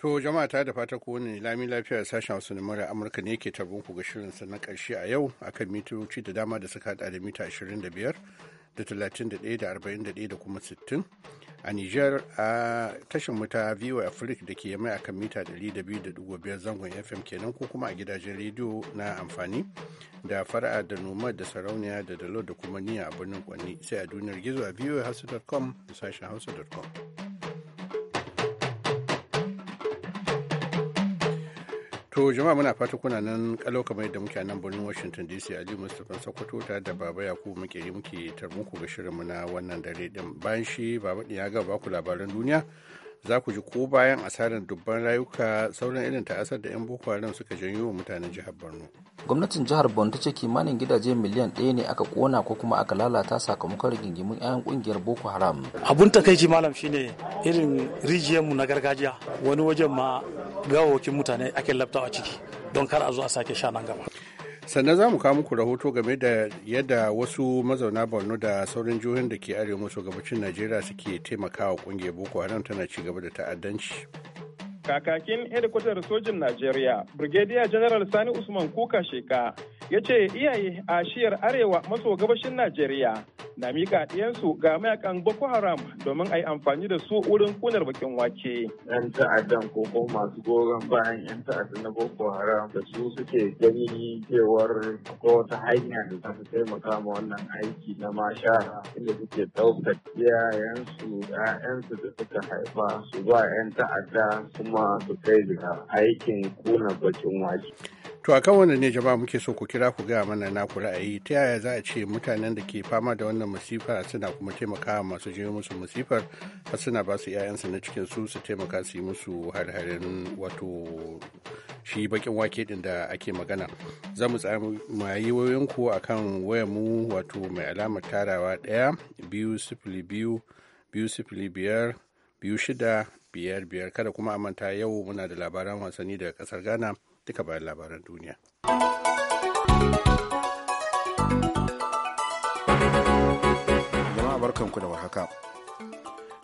To jama'a ta da fata ku wani lami lafiya sashen wasu na mara Amurka ne ke tabbun ku ga shirin sa na ƙarshe a yau akan mitoci da dama da suka hada da mita 25 da 31 da 41 da kuma 60 a Nijar a tashin muta VOA Africa da ke a akan mita 200.5 zangon FM kenan ko kuma a gidajen rediyo na amfani da fara'a da noma da sarauniya da dalo da kuma niya a birnin kwanni sai a duniyar gizo a voahouse.com da sashen hausa.com. To jama'a muna fata kuna nan kalau kamar yadda muke nan birnin Washington DC Ali Mustapha Sokoto ta da Baba Yakubu muke yi muke tarmuku ga shirin na wannan dare din. Bayan shi Baba ya ga baku labaran duniya za ku ji ko bayan asarar dubban rayuka sauran irin ta'asar da 'yan boko haram suka janyo wa mutanen jihar borno gwamnatin jihar borno ta ce kimanin gidaje miliyan ɗaya ne aka kona ko kuma aka lalata sakamakon rigingimun 'yan kungiyar boko haram abun takaici malam shine irin rijiyar mu na gargajiya wani wajen ma gawawakin mutane ake labtawa ciki don kar a zo a sake sha nan gaba sannan za mu kawo muku rahoto game da yadda wasu mazauna borno da saurin jihohin da ke arewa maso gabacin najeriya suke taimakawa kungiyar boko haram tana ci gaba da ta'addanci kakakin hedikwatar sojin najeriya brigadier general sani usman kuka sheka ya ce iyaye a shiyar arewa maso gabashin najeriya na mika ɗiyansu ga mayakan Boko Haram domin a yi amfani da su wurin kunar bakin wake. Yan ta'addan ko ko masu goron bayan yan ta'adda na Boko Haram da su suke gani cewar ko wata hanya da ta taimaka ma wannan aiki na mashara inda suke ɗaukar iyayensu ‘ya'yansu da suka haifa su ba ‘yan ta'adda kuma su kai da aikin kunar bakin wake. To a kan wannan ne jama'a muke so ku kira ku gaya mana na ku ra'ayi ta yaya za a ce mutanen da ke fama da wannan masifar suna kuma taimakawa masu jiyo musu masifar har suna ba su 'ya'yansu na cikin su su taimaka su yi musu harharin wato shi bakin wake din da ake magana za mu yi wayoyin ku akan waya mu wato mai alamar tarawa ɗaya biyu sifili biyu biyu sifili biyar biyu shida biyar biyar kada kuma a manta yau muna da labaran wasanni daga kasar ghana duka bayan labaran duniya. Jama'a barkanku da warhaka.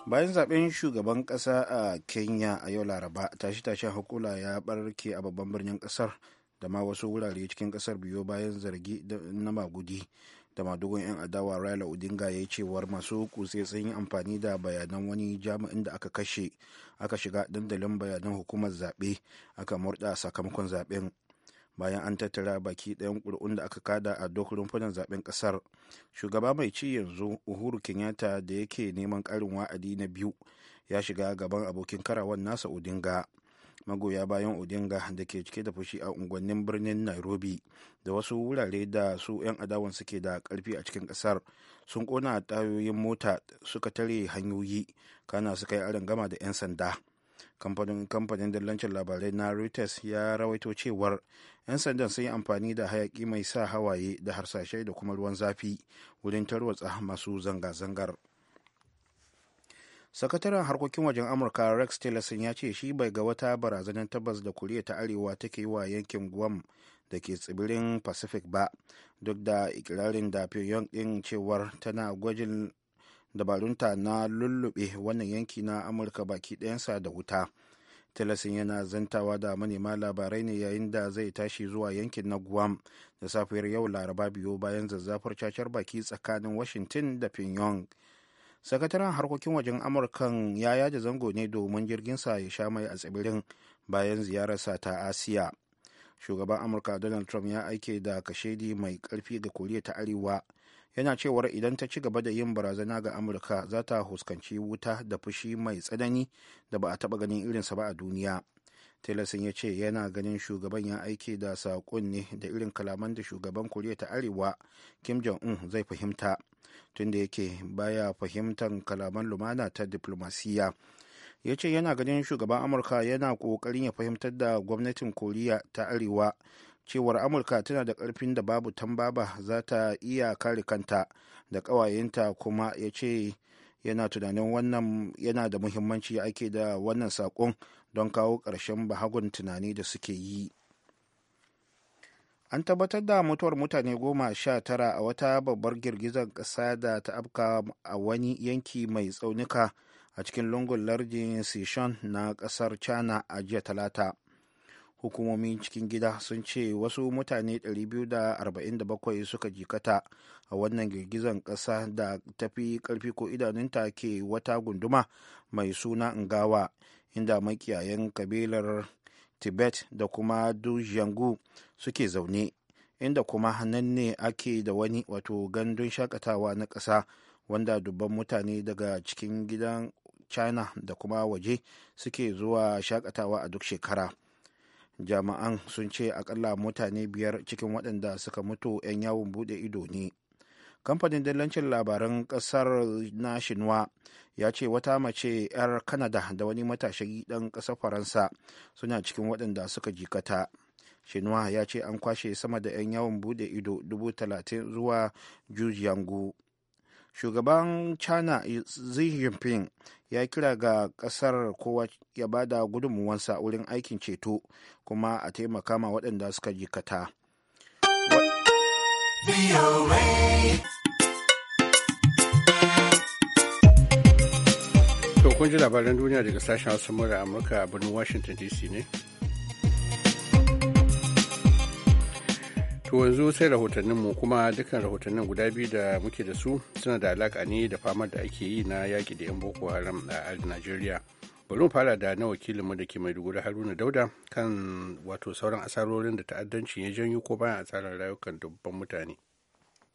Bayan zaben shugaban ƙasa a Kenya a yau Laraba, tashi-tashen hukula ya barke a babban birnin ƙasar da ma wasu wurare cikin ƙasar biyo bayan zargi na magudi da madugun 'yan adawa raila odinga ya yi cewar masu kutse sun yi amfani da bayanan wani jami'in da aka kashe aka shiga dandalin bayanan hukumar zaɓe aka murɗa sakamakon zaɓen bayan an tattara baki ɗayan ƙuri'un da aka kada a duk rumfunan zaɓen ƙasar shugaba mai ci yanzu uhuru kenyatta da yake neman karin wa'adi na biyu ya shiga gaban abokin karawan nasa odinga magoya bayan odinga da ke cike da fushi a unguwannin birnin nairobi da wasu wurare da su 'yan adawan suke da karfi a cikin kasar sun kona tayoyin mota suka tare hanyoyi kana suka yi gama da 'yan sanda kamfanin kamfanin dillancin labarai na reuters ya rawaito cewar 'yan sandan sun yi amfani da hayaki mai sa hawaye da harsashe da kuma ruwan zafi wurin tarwatsa masu zanga-zangar sakataren harkokin wajen amurka rex tillerson ya ce shi bai ga wata barazanar tabbas da kuriya ta arewa take yi wa yankin guam da ke tsibirin pacific ba duk da ikirarin da pyongyang din cewar tana gwajin dabarunta na lullube wannan yanki na amurka baki ɗayansa da wuta tillerson yana zantawa da manema labarai ne yayin da zai tashi zuwa yankin na guam da safiyar yau laraba biyu bayan zazzafar cacar baki tsakanin washington da pyongyang sakataren harkokin wajen amurkan ya yaje zango ne domin jirgin sa ya sha mai a tsibirin bayan ziyararsa ta asiya shugaban amurka donald trump ya aike da kashedi mai karfi ga koriya ta arewa yana cewar idan ta ci gaba da yin barazana ga amurka za ta huskanci wuta da fushi mai tsanani da ba a taba ganin irinsa ba a duniya tilerson ya ce yana ganin shugaban ya aike da saƙon ne da irin kalaman da shugaban koriya ta arewa kim jong-un zai fahimta tunda yake baya fahimtar kalaman lumana ta diplomasiya ya ce yana ganin shugaban amurka yana kokarin ya fahimtar da gwamnatin koriya ta arewa cewar amurka tana da karfin da babu tambaba za ta iya kare kanta da kawayenta kuma ya ce yana tunanin wannan yana da muhimmanci ake da wannan sakon don kawo ƙarshen bahagun tunani da suke yi. an tabbatar da mutuwar mutane goma sha tara a wata babbar girgizar ƙasa da ta afka a wani yanki mai tsaunuka a cikin lungun lardin sishon na ƙasar china a jiya talata hukumomi cikin gida sun ce wasu mutane 247 suka jikata a wannan girgizar ƙasa da tafi ƙarfi ko idanunta ke wata gunduma mai suna ngawa inda makiyayen kabilar tibet da kuma dujiangu suke zaune inda kuma nan ne ake da wani wato gandun shakatawa na ƙasa wanda dubban mutane daga cikin gidan china da kuma waje suke zuwa shakatawa a duk shekara jami'an sun ce akalla mutane biyar cikin waɗanda suka mutu 'yan yawon buɗe ido ne kamfanin dillancin labaran ƙasar na shinwa ya ce wata mace 'yar kanada da wani matashi ɗan ƙasar faransa suna cikin waɗanda suka jikata shinwa ya ce an kwashe sama da 'yan yawon bude ido 30,000 zuwa jujiyangu shugaban china xi jinping ya kira ga kasar kowa ya bada gudunmuwansa wurin aikin ceto kuma a taimaka ma waɗanda suka jikata kun ji labaran duniya daga sashen hausa mura amurka a birnin washington dc ne To yanzu sai rahotanninmu kuma dukkan rahotannin guda biyu da muke da su suna da alaka ne da famar da ake yi na yaki da 'yan Boko Haram a Najeriya. Bari mu fara da na wakilinmu da ke mai Maiduguri Haruna Dauda kan wato sauran asarorin da ta'addanci ya janyo ko bayan asarar rayukan dubban mutane.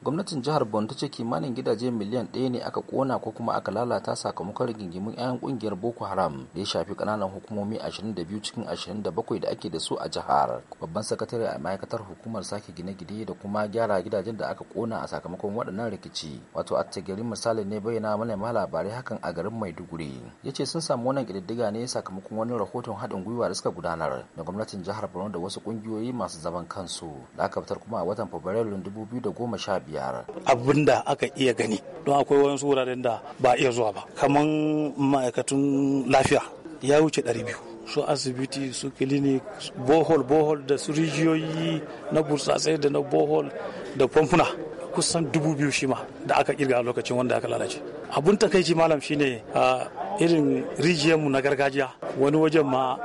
gwamnatin jihar bon ta ce kimanin gidaje miliyan ɗaya ne aka kona ko kuma aka lalata sakamakon rigingimun 'yan kungiyar Boko Haram da ya shafi kananan hukumomi 22 cikin 27 da ake da su a jihar. Babban sakatare a ma'aikatar hukumar sake gine-gine da kuma gyara gidajen da aka kona a sakamakon waɗannan rikici. Wato a Attagirin misali ne bayyana manema labarai hakan a garin Maiduguri. Ya ce sun samu wannan ƙididdiga ne sakamakon wani rahoton haɗin gwiwa da suka gudanar da gwamnatin jihar Borno da wasu ƙungiyoyi masu zaman kansu da aka fitar kuma a watan Fabrairun 2015 yara abin da aka iya gani don akwai wasu wuraren da ba iya zuwa ba kaman ma'aikatun lafiya ya wuce 200 su asibiti su clinic bohol bohol da su rijiyoyi na burtsatsai da na bohol da famfuna kusan dubu biyu shi ma da aka kirga a lokacin wanda aka lalace abun takaici malam shine a irin rijiyarmu na gargajiya wani wajen ma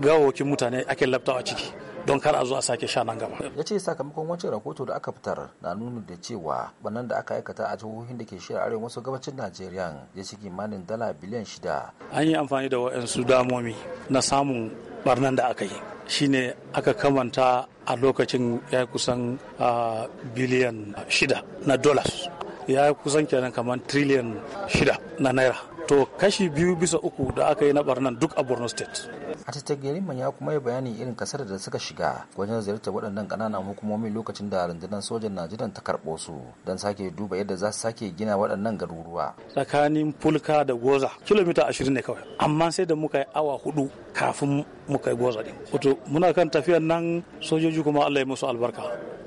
gawawakin mutane ake labtawa ciki don kar a zo a sake sha nan gaba ya ce sakamakon wancan rahoto da aka fitar na nuni da cewa banan da aka aikata a jihohin da ke shirya arewa maso gabacin najeriya ya ci kimanin dala biliyan shida an yi amfani da wa'ansu damomi na samun barnan da aka yi shine aka kamanta a lokacin ya kusan biliyan shida na dollars ya kusan kenan kamar triliyan shida na naira to kashi biyu bisa uku da aka yi na barnan duk a borno state a man manya kuma ya bayani irin kasar da suka shiga wajen ziyartar waɗannan ƙananan hukumomin lokacin da rundunar sojan najeriya ta karɓo su don sake duba yadda za su sake gina waɗannan garuruwa tsakanin fulka da goza kilomita ashirin ne kawai amma sai da muka yi awa hudu kafin muka yi goza din wato muna kan tafiyar nan sojoji kuma allah ya musu albarka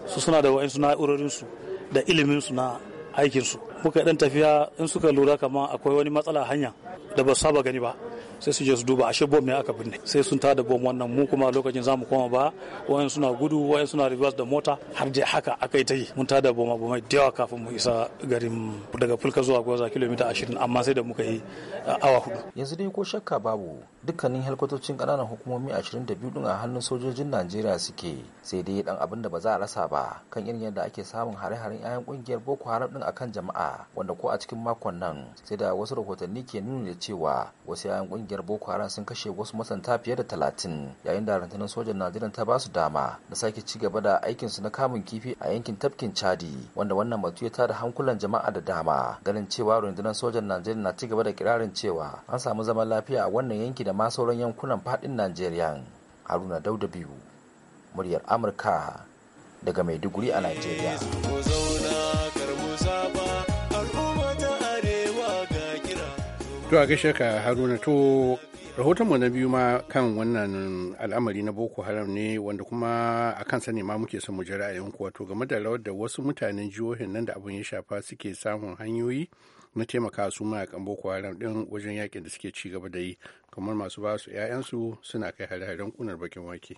su suna da wa'insu na'urorinsu da iliminsu na aikinsu muka yi ɗan tafiya in suka lura kamar akwai wani matsala hanya da ba saba gani ba sai su je su duba ashe bom ne aka binne sai sun tada bom wannan mu kuma lokacin zamu koma ba wayan suna gudu wayan suna reverse da mota har da haka aka yi ta yi mun tada bom abu mai yawa kafin mu isa garin daga fulka zuwa gwaza kilomita 20 amma sai da muka yi awa hudu yanzu dai ko shakka babu dukkanin helkwatocin ƙananan hukumomi 22 din a hannun sojojin najeriya suke sai dai dan abin da ba za a rasa ba kan irin yadda ake samun hare-haren 'ya'yan kungiyar boko haram din akan jama'a wanda ko a cikin makon nan sai da wasu rahotanni ke nuna da cewa wasu 'ya'yan kungiyar boko haram sun kashe wasu masanta fiye da talatin yayin da rundunar sojan najeriya ta basu dama da sake ci gaba da aikin su na kamun kifi a yankin tafkin chadi wanda wannan batu ya tada hankulan jama'a da dama ganin cewa rundunar sojan najeriya na ci gaba da kirarin cewa an samu zaman lafiya a wannan yanki da ma sauran yankunan fadin Najeriya. Haruna Dauda biyu, muryar Amurka daga Maiduguri a Najeriya. To a gaishe ka Haruna to rahotonmu na biyu ma kan wannan al'amari na boko haram ne wanda kuma a kan sani ma muke son mu ji ra'ayin to game da rawar da wasu mutanen jihohin nan da abin ya shafa suke samun hanyoyi na taimaka su mayakan boko haram din wajen yakin da suke ci gaba da yi kamar masu ba su 'ya'yansu suna kai hare-haren kunar bakin wake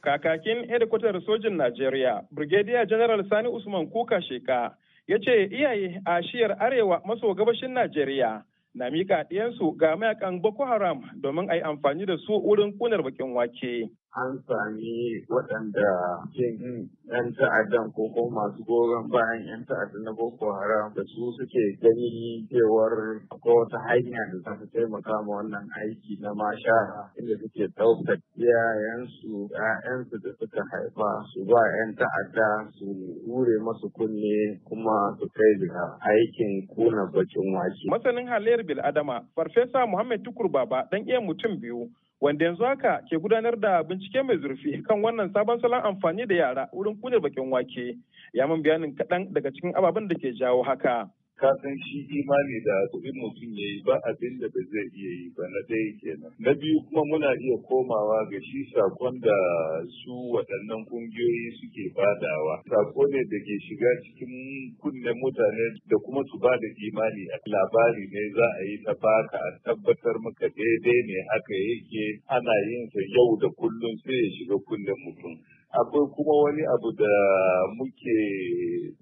kakakin hedikwatar sojin najeriya brigadier general sani usman kuka sheka ya ce iyaye a shiyar arewa maso gabashin najeriya na mika ɗiyansu ga mayakan boko haram domin a yi amfani da su wurin kunar bakin wake an sami waɗanda cin yan ta'addan ko ko masu goron bayan yan ta'addan na boko haram da su suke gani cewar ko wata hanya da za su taimaka ma wannan aiki na masha inda suke ɗaukar iyayensu ƴaƴansu da suka haifa su ba yan ta'adda su hure masu kunne kuma su kai da aikin kuna bakin wake. Masanin halayyar bil'adama Farfesa Muhammad Tukur Baba ɗan iya mutum biyu wanda yanzu haka ke gudanar da bincike mai zurfi kan wannan sabon salon amfani da yara wurin kunar bakin wake ya min bayanin kaɗan daga cikin ababen da ke jawo haka. ka san shi imani da kuɗin mutum ya yi ba abin da ba zai iya yi ba na ɗaya kenan na biyu kuma muna iya komawa ga shi sakon da su waɗannan kungiyoyi suke badawa sako ne da ke shiga cikin kunnen mutane da kuma su ba da imani a labari ne za a yi ta baka a tabbatar maka daidai ne haka yake ana yin sa yau da kullum sai ya shiga kunnen mutum akwai kuma wani abu da muke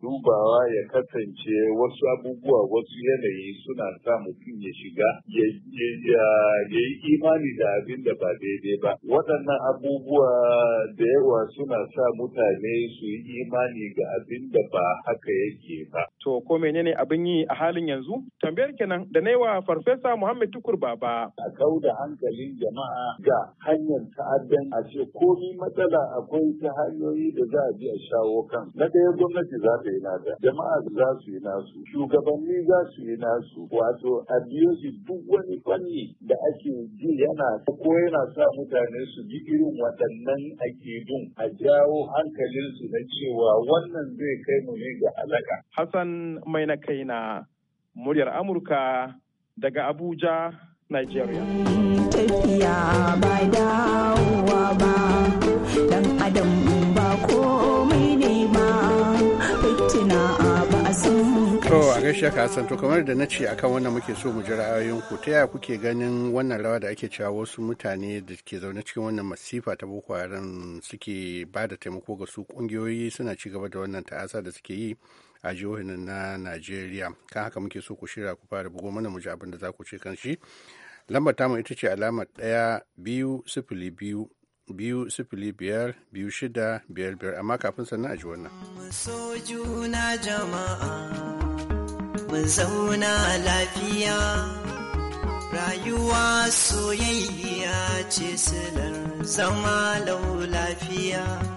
dubawa ya kasance wasu abubuwa wasu yanayi suna sa mutum ya shiga ya yi imani da abin da ba daidai ba waɗannan abubuwa da yawa suna sa mutane su yi imani ga abin da ba haka yake ba To ko menene abin yi a halin yanzu? Tambayar kenan da naiwa Farfesa Muhammad Tukur Baba. A kau da hankalin jama'a ga hanyar ta'addan a ce komi matsala akwai ta hanyoyi da za a bi a shawo kan. Na ɗaya gwamnati za ta yi nada, jama'a za su yi nasu, shugabanni za su yi nasu, wato a duk wani fanni da ake ji yana ko yana sa mutane su ji irin waɗannan dun. a jawo hankalinsu na cewa wannan zai kai mu ne ga alaka. Hassan Hassan mai na kai na muryar Amurka daga Abuja, Nigeria. Tafiya ba dawowa ba, dan adam ba komai ne ba, fitina ba a san To a gaishe ka Hassan to kamar da na ce akan wannan muke so mu ji ku ta yaya kuke ganin wannan rawa da ake cewa wasu mutane da ke zaune cikin wannan masifa ta Boko Haram suke ba da taimako ga su kungiyoyi suna ci gaba da wannan ta'asa da suke yi a jihohin na najeriya kan haka muke so ku shirya ku fara bugo mana mu ji abin da za ku ce kan shi lambar tamu ita ce alamar ɗaya biyu sifili biyu biyu sifili biyar biyu shida biyar biyar amma kafin sannan a ji wannan. so juna jama'a lafiya rayuwa soyayya ce silar zama lau lafiya.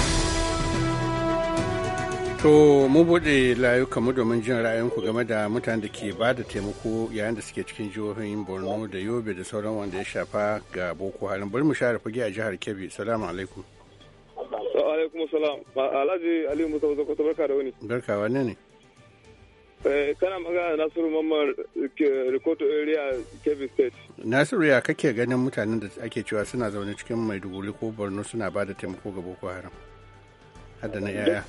To mu buɗe layukanmu domin jin ra'ayinku game da mutanen da ke ba da taimako yayin da suke cikin jihohin Borno da Yobe da sauran wanda ya shafa ga Boko Haram. Bari mu share fage a jihar Kebbi. Salamu alaikum. Wa alaikum salam. Alhaji Ali Musa Sokoto barka da wani. Barka wanne ne? Eh, kana maga Nasiru Mamman Rikoto area Kebbi State. Nasiru ya kake ganin mutanen da ake cewa suna zaune cikin Maiduguri ko Borno suna ba da taimako ga Boko Haram? na yaya.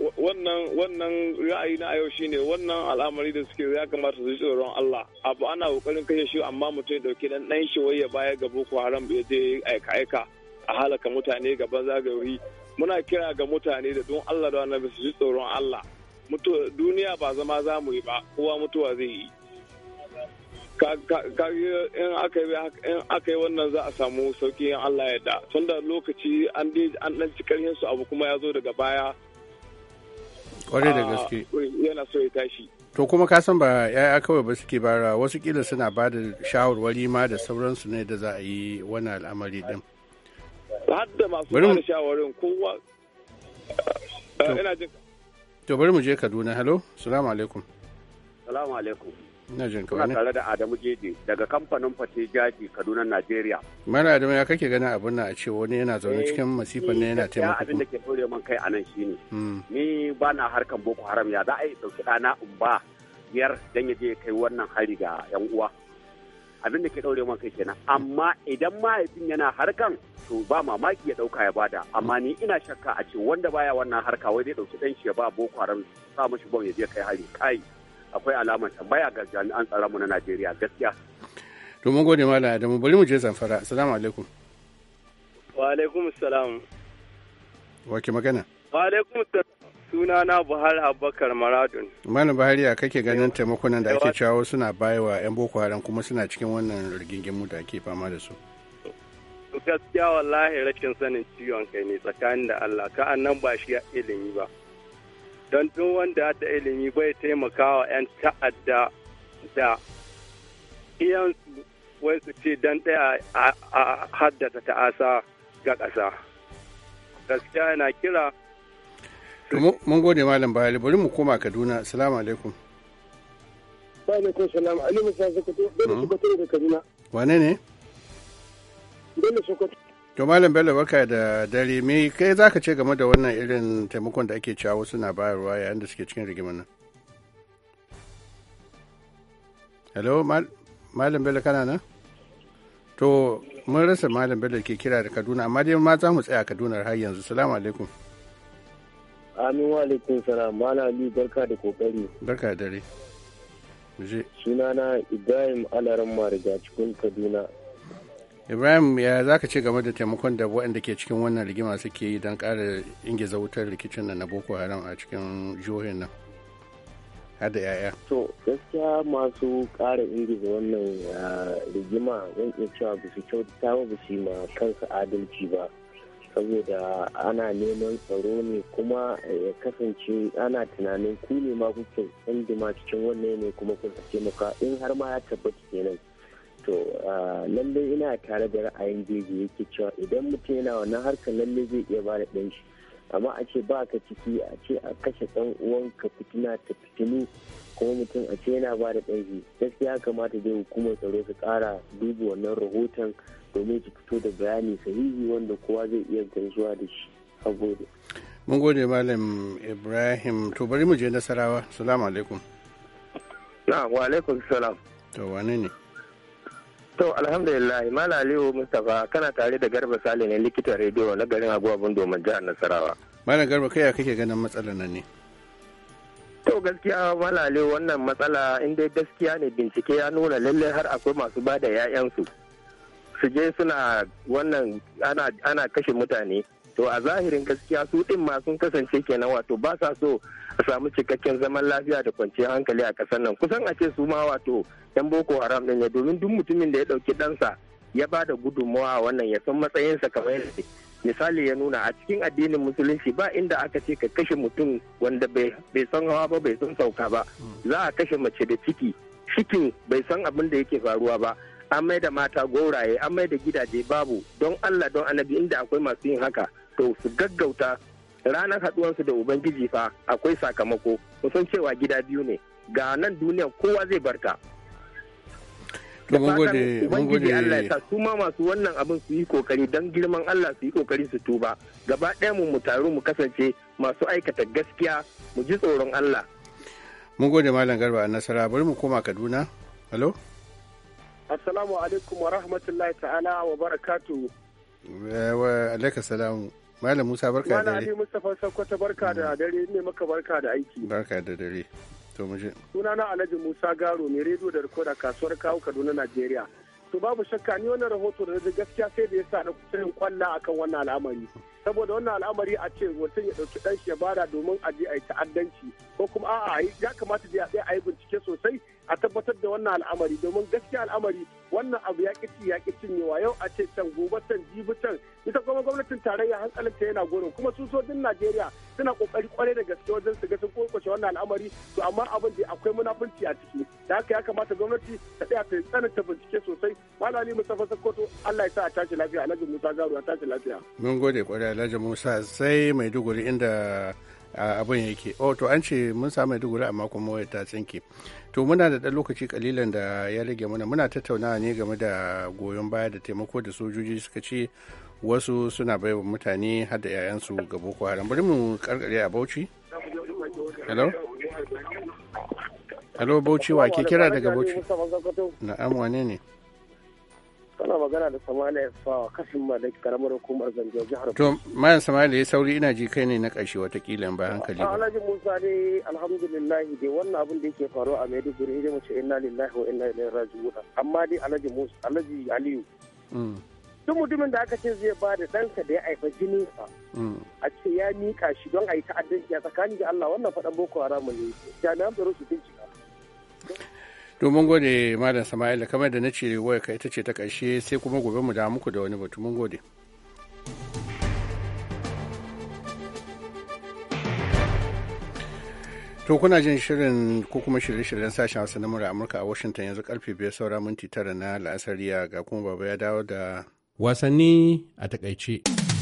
wannan wannan ra'ayi na yau shine wannan al'amari da suke ya kamata su ji tsoron Allah abu ana kokarin kashe shi amma mutum ya dauki dan dan shi waye baya ga Boko Haram ya je aika aika a halaka mutane gaban zagayoyi muna kira ga mutane da don Allah da annabi su ji tsoron Allah mutu duniya ba zama za mu yi ba kowa mutuwa zai yi in aka yi wannan za a samu sauki in Allah ya da tunda lokaci an dan ci su abu kuma ya zo daga baya Kwarai da ah, gaske. Yana so ya tashi. To kuma ka san ba yaya kawai ba suke bara wasu kila suna ba da shawarwari ma da sauransu ne da za a yi wani al'amari din. Har da masu ba da shawarin kowa. To bari mu je Kaduna. Hello. Salamu alaikum. Salamu alaikum. Kuna tare da Adamu Jeje daga kamfanin Fate Jaji Kaduna Najeriya. Mara Adamu ya kake ganin abin na a ce wani yana zaune eh, cikin masifan ne yana taimaka. Abin da ke dore man kai a nan ne. Hmm. Ni ba na harkan Boko Haram ya za a yi ɗauki ɗana in ba biyar dan ya je kai wannan hari ga 'yan uwa. abin da ke ɗaure man kai kenan amma idan mahaifin yana harkan to ba mamaki ya ɗauka ya bada amma ni ina shakka a ce wanda baya wannan harka wai zai ɗauki dan shi ya ba boko haram sa mashi bom ya je kai hari kai akwai alamar tambaya ga jami'an tsaron mu na Najeriya gaskiya. To mun gode mala Adamu bari mu je Zamfara. Assalamu alaikum. Wa alaikum salam. Wa ke magana? Wa alaikum salam. Suna na Buhari Abubakar Maradun. Malam Buhari ya kake ganin taimakonan da ake cewa suna bayarwa 'yan Boko Haram kuma suna cikin wannan rigingimu da ake fama da su. gaskiya wallahi rashin sanin ciwon kai ne tsakanin da Allah ka'an nan ba shi ya ilimi ba don duk wanda da ilimi bai taimakawa 'yan ta'adda da iyansu wai su ce don ɗaya a haddasa ta'asa ga ƙasa gaskiya yana kira mun gode malam bayali bari mu koma kaduna salamu alaikum wa alaikum salam hmm? kaduna wane ne bello to malam bello barka da dare me kai zaka ce game da wannan irin taimakon da ake cewa wasu na bayarwa yayin da suke cikin rigimar nan hello malam bello kana nan to mun rasa malam bello ke kira da kaduna amma dai ma za mu tsaya kaduna har yanzu salamu alaikum amin wa alaikum salam malam ali barka da kokari barka da dare sunana ibrahim alaran mariga cikin kaduna ibrahim ya za ka ce game da taimakon da waɗanda ke cikin wannan rigima suke yi don ƙara ingiza wutar rikicin na boko haram a cikin jihohin nan hada 'ya'ya to gaskiya masu ƙara ingiza wannan ah, rigima zan iya cewa ba su kyauta ba ba su ma kansa adalci ba saboda ana neman tsaro ne kuma eh, ya kasance ana tunanin ku ne ma kuke tsandima cikin wannan ne kuma kuka taimaka in har ma ya tabbata kenan to lalle ina tare da ra'ayin jeji yake cewa idan mutum yana wannan harka lalle zai iya ba da ɗan amma a ce ba ka ciki a ce a kashe ɗan uwanka fitina ta fitinu kuma mutum a ce yana ba da ɗan shi gaskiya kamata dai hukumar tsaro su kara duba wannan rahoton domin su fito da bayani sahihi wanda kowa zai iya gamsuwa da shi a gode. mun gode malam ibrahim to bari mu je nasarawa salamu alaikum na wa alaikum salam to wane ne To alhamdulillah Malam Aliyu Mustapha kana tare da Garba Sale ne likitan rediyo na garin Agwabun Domin jihar Nasarawa. Malam Garba kai kake ganin matsalar nan ne? To gaskiya Malam Aliyu wannan matsala in dai gaskiya ne bincike ya nuna lallai har akwai masu ba da 'ya'yansu. Su je suna wannan ana kashe mutane. to a zahirin gaskiya su din ma sun kasance kenan wato ba sa so a samu cikakken zaman lafiya da kwanciyar hankali a kasar nan kusan a ce su ma wato yan boko haram din ya domin duk mutumin da ya ɗauki ɗansa ya ba da gudunmawa wannan ya san matsayinsa kamar yadda misali ya nuna a cikin addinin musulunci ba inda aka ce ka kashe mutum wanda bai san hawa ba bai san sauka ba za a kashe mace da ciki cikin bai san abin da yake faruwa ba an mai da mata goraye an mai da gidaje babu don allah don annabi inda akwai masu yin haka to su gaggauta ranar haduwansu da ubangiji fa akwai sakamako kusan cewa gida biyu ne ga nan duniya kowa zai barka. da fatan ubangiji Allah ya sa su ma masu wannan abin su yi kokari don girman Allah su yi kokari su tuba gaba ɗaya mu mu taru mu kasance masu aikata gaskiya mu ji tsoron Allah mun gode malam garba a nasara bari mu koma Kaduna halo assalamu alaikum wa rahmatullahi ta'ala wa barakatu eh, wa alaika salamu malam musa barka da dare malam ali mustapha sokoto barka da mm. dare ne maka barka da aiki barka da dare To Suna na Alhaji Musa Garo mai rediyo da rikoda kasuwar kawo Kaduna Najeriya. To babu shakka ni wannan rahoto da gaskiya sai da yasa na da yin kwalla akan wannan al'amari. Saboda wannan al'amari a ce mutum ya ɗauki ɗan shi domin a je a yi ta'addanci ko kuma a'a ya kamata da ya a yi bincike sosai a tabbatar da wannan al'amari domin gaskiya al'amari wannan abu ya ƙi ya ƙi cinyewa yau a ce can gobe can jibi can ita kuma gwamnatin tarayya hankalinta yana gurin kuma su sojin Najeriya suna ƙoƙari kwarai da gaske wajen wannan al'amari to amma abin da akwai munafurci a ciki da haka ya kamata gwamnati ta tsaya ta tsananta bincike sosai malami mustafa sakkwato allah ya sa a tashi lafiya alhaji musa garu a tashi lafiya. mun gode kwarai alhaji musa sai maiduguri inda abin yake oh to an ce mun samu maiduguri amma kuma wayar ta tsinke to muna da ɗan lokaci kalilan da ya rage mana muna tattaunawa ne game da goyon baya da taimako da sojoji suka ce wasu suna baiwa mutane har 'ya'yansu ga boko haram bari mu karkare a bauchi hello hello bauchi wa ke kira daga bauchi na'am wane ne kana magana da samani ya fawa kashin ma da karamar hukumar zanjo jihar to mayan samani ya sauri ina ji kai ne na ƙarshe watakila ba hankali ba alhaji musa ne alhamdulillah dai wannan abin da yake faruwa a maiduguri dai mu inna lillahi wa inna ilaihi raji'un amma dai alhaji musa alhaji aliyu mm. duk mutumin da aka ce zai ba da ɗansa da ya haifa jininsa mm. a ce ya miƙa shi don a yi ta'addanci a tsakanin da Allah wannan faɗan boko haramu ne jami'an tsaro su bincika. domin gode malam sama'ila kamar da na ce waya ka ita ce ta ƙarshe sai kuma gobe mu da muku da wani batu mun gode. To kuna jin shirin ko kuma shirye-shiryen sashen Hausa na mura Amurka a Washington yanzu karfe biyar saura minti tara na la'asariya ga kuma baba ya dawo da Wasanni a takaice.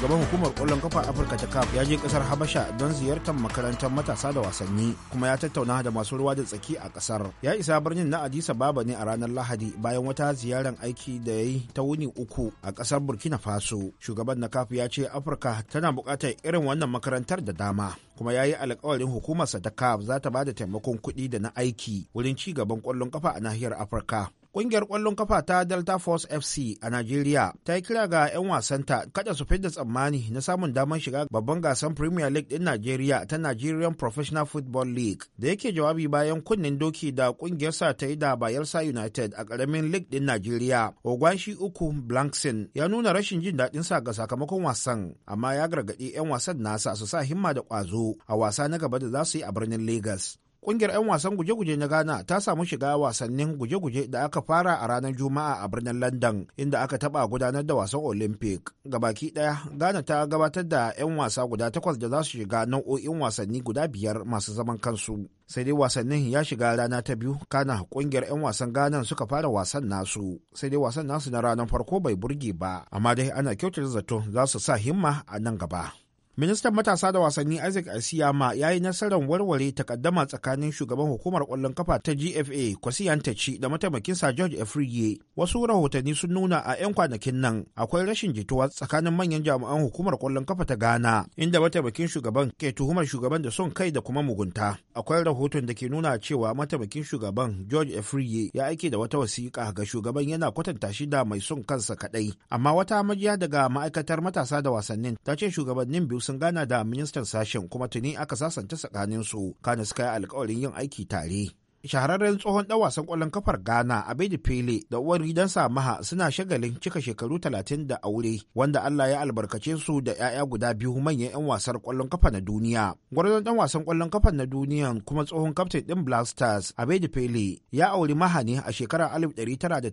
shugaban hukumar kwallon kafa afirka ta caf ya je kasar habasha don ziyartar makarantar matasa da wasanni kuma ya tattauna da masu ruwa da tsaki a kasar ya isa birnin na adisa baba ne a ranar lahadi bayan wata ziyarar aiki da ya yi ta wuni uku a kasar burkina faso shugaban na caf ya ce afirka tana buƙatar irin wannan makarantar da dama kuma ya yi alkawarin hukumarsa ta caf za ta ba da taimakon kuɗi da na aiki wurin ci gaban kwallon kafa a nahiyar afirka Ƙungiyar kwallon kafa ta Delta Force FC a Najeriya ta yi kira ga 'yan wasanta kada su fidda tsammani na samun damar shiga babban gasar Premier League ɗin Najeriya ta Nigerian Professional Football League da yake jawabi bayan kunnen doki da ƙungiyarsa ta yi da Bayelsa United a karamin League ɗin Najeriya. Ogwashi Uku Blankson ya nuna rashin jin daɗin sa ga sakamakon wasan amma ya gargaɗi 'yan wasan nasa su sa himma da ƙwazo a wasa na gaba da za su yi a birnin Lagos. Ƙungiyar 'yan wasan guje-guje na Ghana ta samu shiga wasannin guje-guje da aka fara a ranar Juma'a a birnin London inda aka taɓa gudanar da wasan Olympic. Gabaki ɗaya Ghana ta gabatar da 'yan wasa guda takwas da za su shiga nau'o'in wasanni guda biyar masu zaman kansu. Sai dai wasannin ya shiga rana ta biyu kana ƙungiyar 'yan wasan Ghana suka fara wasan nasu. Sai dai wasan nasu na ranar farko bai burge ba amma dai ana kyautar zato za su sa himma a nan gaba. Ministan matasa da wasanni Isaac Asiyama ya yi nasarar warware takaddama tsakanin shugaban hukumar kwallon kafa ta GFA kwasi Tachi da mataimakinsa George efriye Wasu rahotanni sun nuna a 'yan kwanakin nan akwai rashin jituwa tsakanin manyan jami'an hukumar kwallon kafa ta Ghana, inda mataimakin shugaban ke tuhumar shugaban da son kai da kuma mugunta. Akwai rahoton da ke nuna cewa mataimakin shugaban George efriye ya aike da wata wasiƙa ga shugaban yana kwatanta shi da mai son kansa kaɗai. Amma wata majiya daga ma'aikatar matasa da wasannin ta ce shugabannin biyu sun gana da ministan sashen kuma tuni aka sasanta tsakaninsu kana suka yi alkawarin yin aiki tare shahararren tsohon ɗan wasan ƙwallon kafar Ghana Abedi Pele da uwar gidansa Maha suna shagalin cika shekaru talatin da aure wanda Allah ya albarkace su da 'ya'ya guda biyu manyan 'yan wasan ƙwallon kafa na duniya. Gwarzon ɗan wasan ƙwallon kafa na duniya kuma tsohon kaftin ɗin Blasters Abedi Pele ya auri Maha ne a shekarar 1987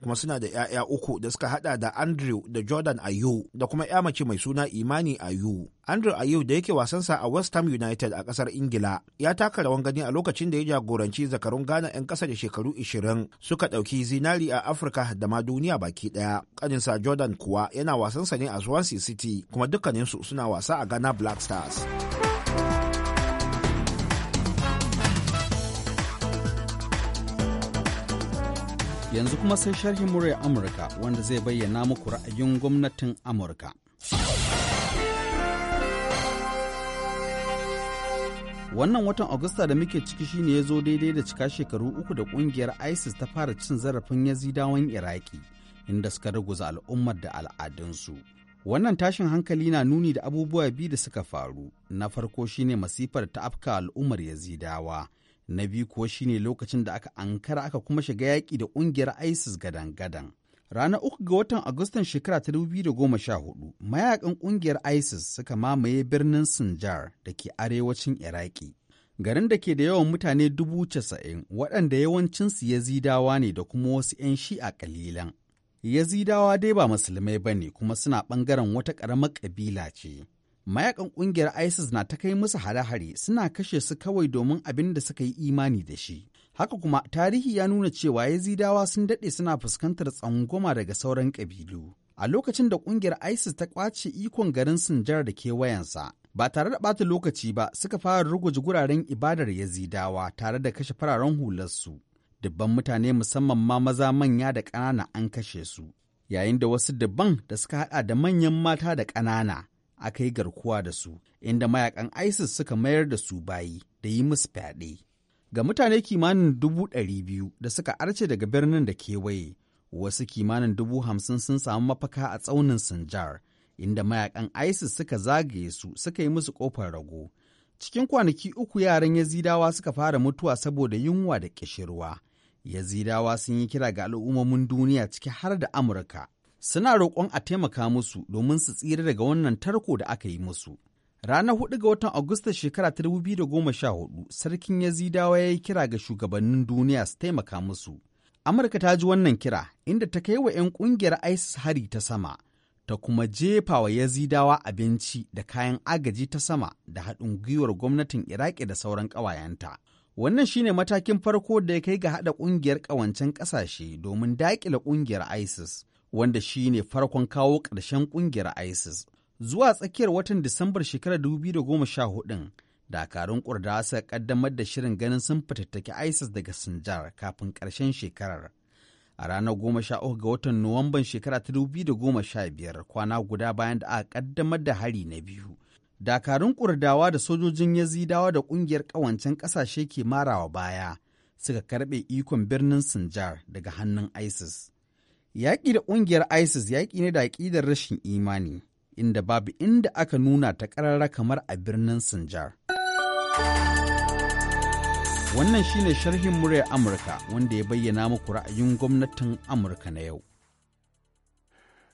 kuma suna da 'ya'ya uku da suka haɗa da Andrew da Jordan Ayu da kuma 'ya mace mai suna Imani Ayu. Andrew Ayew da yake wasansa a West Ham United a kasar Ingila ya taka rawan gani a lokacin da ya jagoranci zakarun Ghana 'yan ƙasa da shekaru 20 suka ɗauki zinari a Afirka da ma duniya baki ɗaya. Ƙaninsa Jordan kuwa yana wasansa ne a Swansea City kuma dukkaninsu suna wasa a Ghana Black Stars. Yanzu kuma sai sharhin murya Amurka wanda zai bayyana muku ra'ayin gwamnatin Amurka. wannan watan agusta da muke ciki shine ya zo daidai da cika shekaru uku da kungiyar isis ta fara cin zarafin yazidawan iraki inda suka ruguza al'ummar da al'adunsu wannan tashin hankali na nuni da abubuwa biyu da suka faru na farko shine masifar ta afka al'ummar yazidawa na biyu kuwa shine lokacin da aka ankara aka kuma shiga yaƙi da ƙungiyar isis gadan-gadan Ranar uku ga watan Agustan shekara ta 2014, mayakan ƙungiyar ISIS suka mamaye birnin Sinjar da ke arewacin Iraki. Garin da ke da yawan mutane dubu casa'in waɗanda yawancinsu Yazidawa ne da kuma wasu 'yan shi'a ƙalilan. Yazidawa dai ba musulmai ba ne kuma suna ɓangaren wata ƙaramar ƙabila ce. Mayakan ƙungiyar ISIS na ta kai musu hare-hare suna kashe su kawai domin abin da suka yi imani da shi. Haka kuma tarihi ya nuna cewa Yazidawa sun daɗe suna fuskantar tsangwama daga sauran ƙabilu. A lokacin da ƙungiyar ISIS ta ƙwace ikon garin Sinjar da kewayensa, ba tare da ɓata lokaci ba suka fara ruguje guraren ibadar Yazidawa tare da kashe fararen hularsu. Dubban mutane musamman ma maza manya da ƙanana an kashe su, yayin da wasu dubban da suka haɗa da manyan mata da ƙanana aka yi garkuwa da su, inda mayakan ISIS suka mayar da su bayi da yi musu fyaɗe. ga mutane kimanin dubu ɗari biyu da suka arce daga birnin da kewaye wasu kimanin dubu hamsin sun samu mafaka a tsaunin sinjar inda mayakan isis suka zagaye su suka yi musu ƙofar rago cikin kwanaki uku yaran yazidawa suka fara mutuwa saboda yunwa da ƙishirwa yazidawa sun yi kira ga al'ummomin duniya ciki har da amurka suna roƙon a taimaka musu domin su tsira daga wannan tarko da aka yi musu Ranar hudu ga watan Agusta shekara ta dubu da goma sha hudu sarkin Yazidawa ya yi kira ga shugabannin duniya su taimaka musu. Amurka ta ji wannan kira inda ta kai wa 'yan ƙungiyar ISIS hari ta sama, ta kuma jefa wa Yazidawa abinci da kayan agaji ta sama da haɗin gwiwar gwamnatin Iraki da sauran ƙawayenta. Wannan shi ne matakin farko da ya kai ga haɗa ƙungiyar ƙawancen ƙasashe domin daƙile ƙungiyar ISIS, wanda shi ne farkon kawo ƙarshen ƙungiyar ISIS. Zuwa tsakiyar watan Disambar shekarar 2014, dakarun ƙurda suka ƙaddamar da shirin ganin sun fitattaki ISIS daga Sinjar kafin ƙarshen shekarar. A ranar 13 ga watan Nuwamban shekara ta sha biyar kwana guda bayan da aka ƙaddamar da hari na biyu. Dakarun ƙurdawa da sojojin yazidawa da ƙungiyar ƙawancen ƙasashe ke marawa baya suka karɓe ikon birnin Sinjar daga hannun ISIS. Yaƙi da ƙungiyar ISIS yaƙi ne da aƙidar rashin imani, inda babu inda aka nuna ta ƙarara kamar a birnin Sinjar. Wannan shine sharhin muryar Amurka wanda ya bayyana muku ra'ayin gwamnatin Amurka na yau.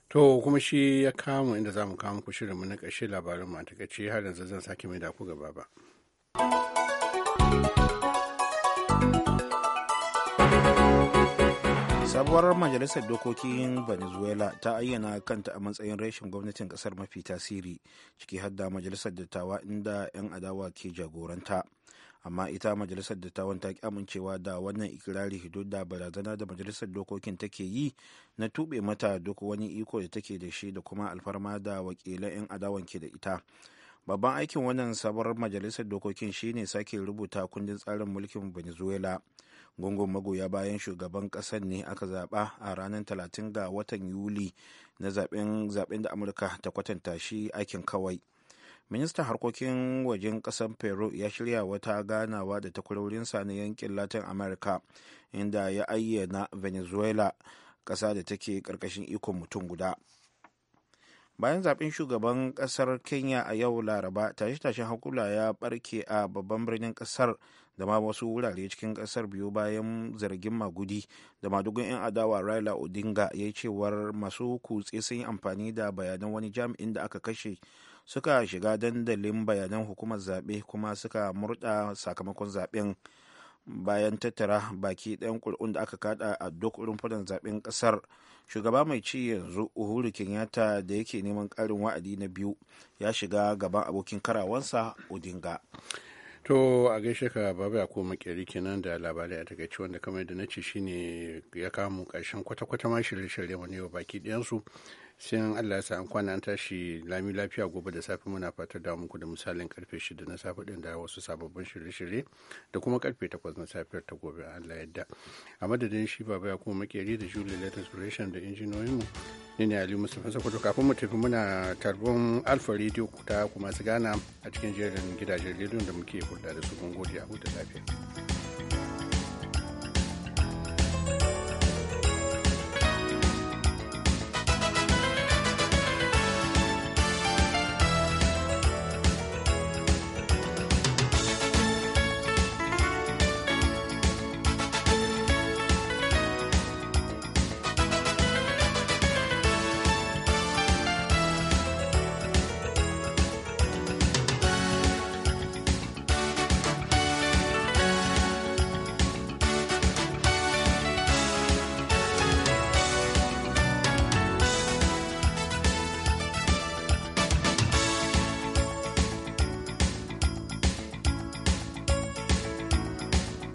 To kuma shi ya kama inda za mu ku shirin mu na ƙarshe labarin mu har yanzu zan sake mai da ku gaba ba. sabuwar majalisar dokokin venezuela ta ayyana kanta a matsayin rashin gwamnatin kasar mafi tasiri ciki hadda majalisar dattawa inda 'yan adawa ke jagoranta amma ita majalisar dattawan ta ki amincewa da wannan ikirari duk da barazana da majalisar dokokin take yi na tube mata duk wani iko da take da shi da kuma alfarma da wakilan 'yan adawan ke da ita babban aikin wannan sabuwar majalisar dokokin shine sake rubuta kundin tsarin mulkin venezuela gungun magoya bayan shugaban kasar ne aka zaba a ranar 30 ga watan yuli na zaɓen da amurka ta kwatanta shi aikin kawai ministan harkokin wajen kasar peru ya shirya wata ganawa da takwarorinsa na yankin latin america inda ya ayyana venezuela kasa da take karkashin ikon mutum guda bayan zaben shugaban kasar kenya a yau laraba tashe-tashen hankula ya barke a babban birnin kasar da ma wasu wurare cikin kasar biyu bayan zargin magudi da madugun 'yan adawa raila odinga ya yi cewar masu kutse sun yi amfani da bayanan wani jami'in da aka kashe suka shiga dandalin bayanan hukumar zaɓe kuma suka murɗa sakamakon zaɓen bayan tattara baki ɗayan ƙuri'un da aka kada a duk rumfunan zaɓen ƙasar shugaba mai ci yanzu uhuru kenyatta da yake neman ƙarin wa'adi na biyu ya shiga gaban abokin karawansa odinga To a gaishe ka babu ya koma makeri kenan da labarai a takaici wanda kamar da na ce shine ya kamo karshen kwata-kwata ma shirye-shirye mu ne baki baki su sai an Allah ya sa an kwana an tashi lami lafiya gobe da safe muna fatar da muku da misalin karfe shida na safe din da wasu sababbin shirye-shirye da kuma karfe takwas na safiyar ta gobe Allah yadda a madadin shi babu ya koma makeri da Julie Latest da injiniyoyin mu ni ne ali musulman sokoto kafin mu tafi muna tarbon alfa radio ta kuma su gana a cikin jerin gidajen rediyon da muke hulɗa da su gode a huta lafiya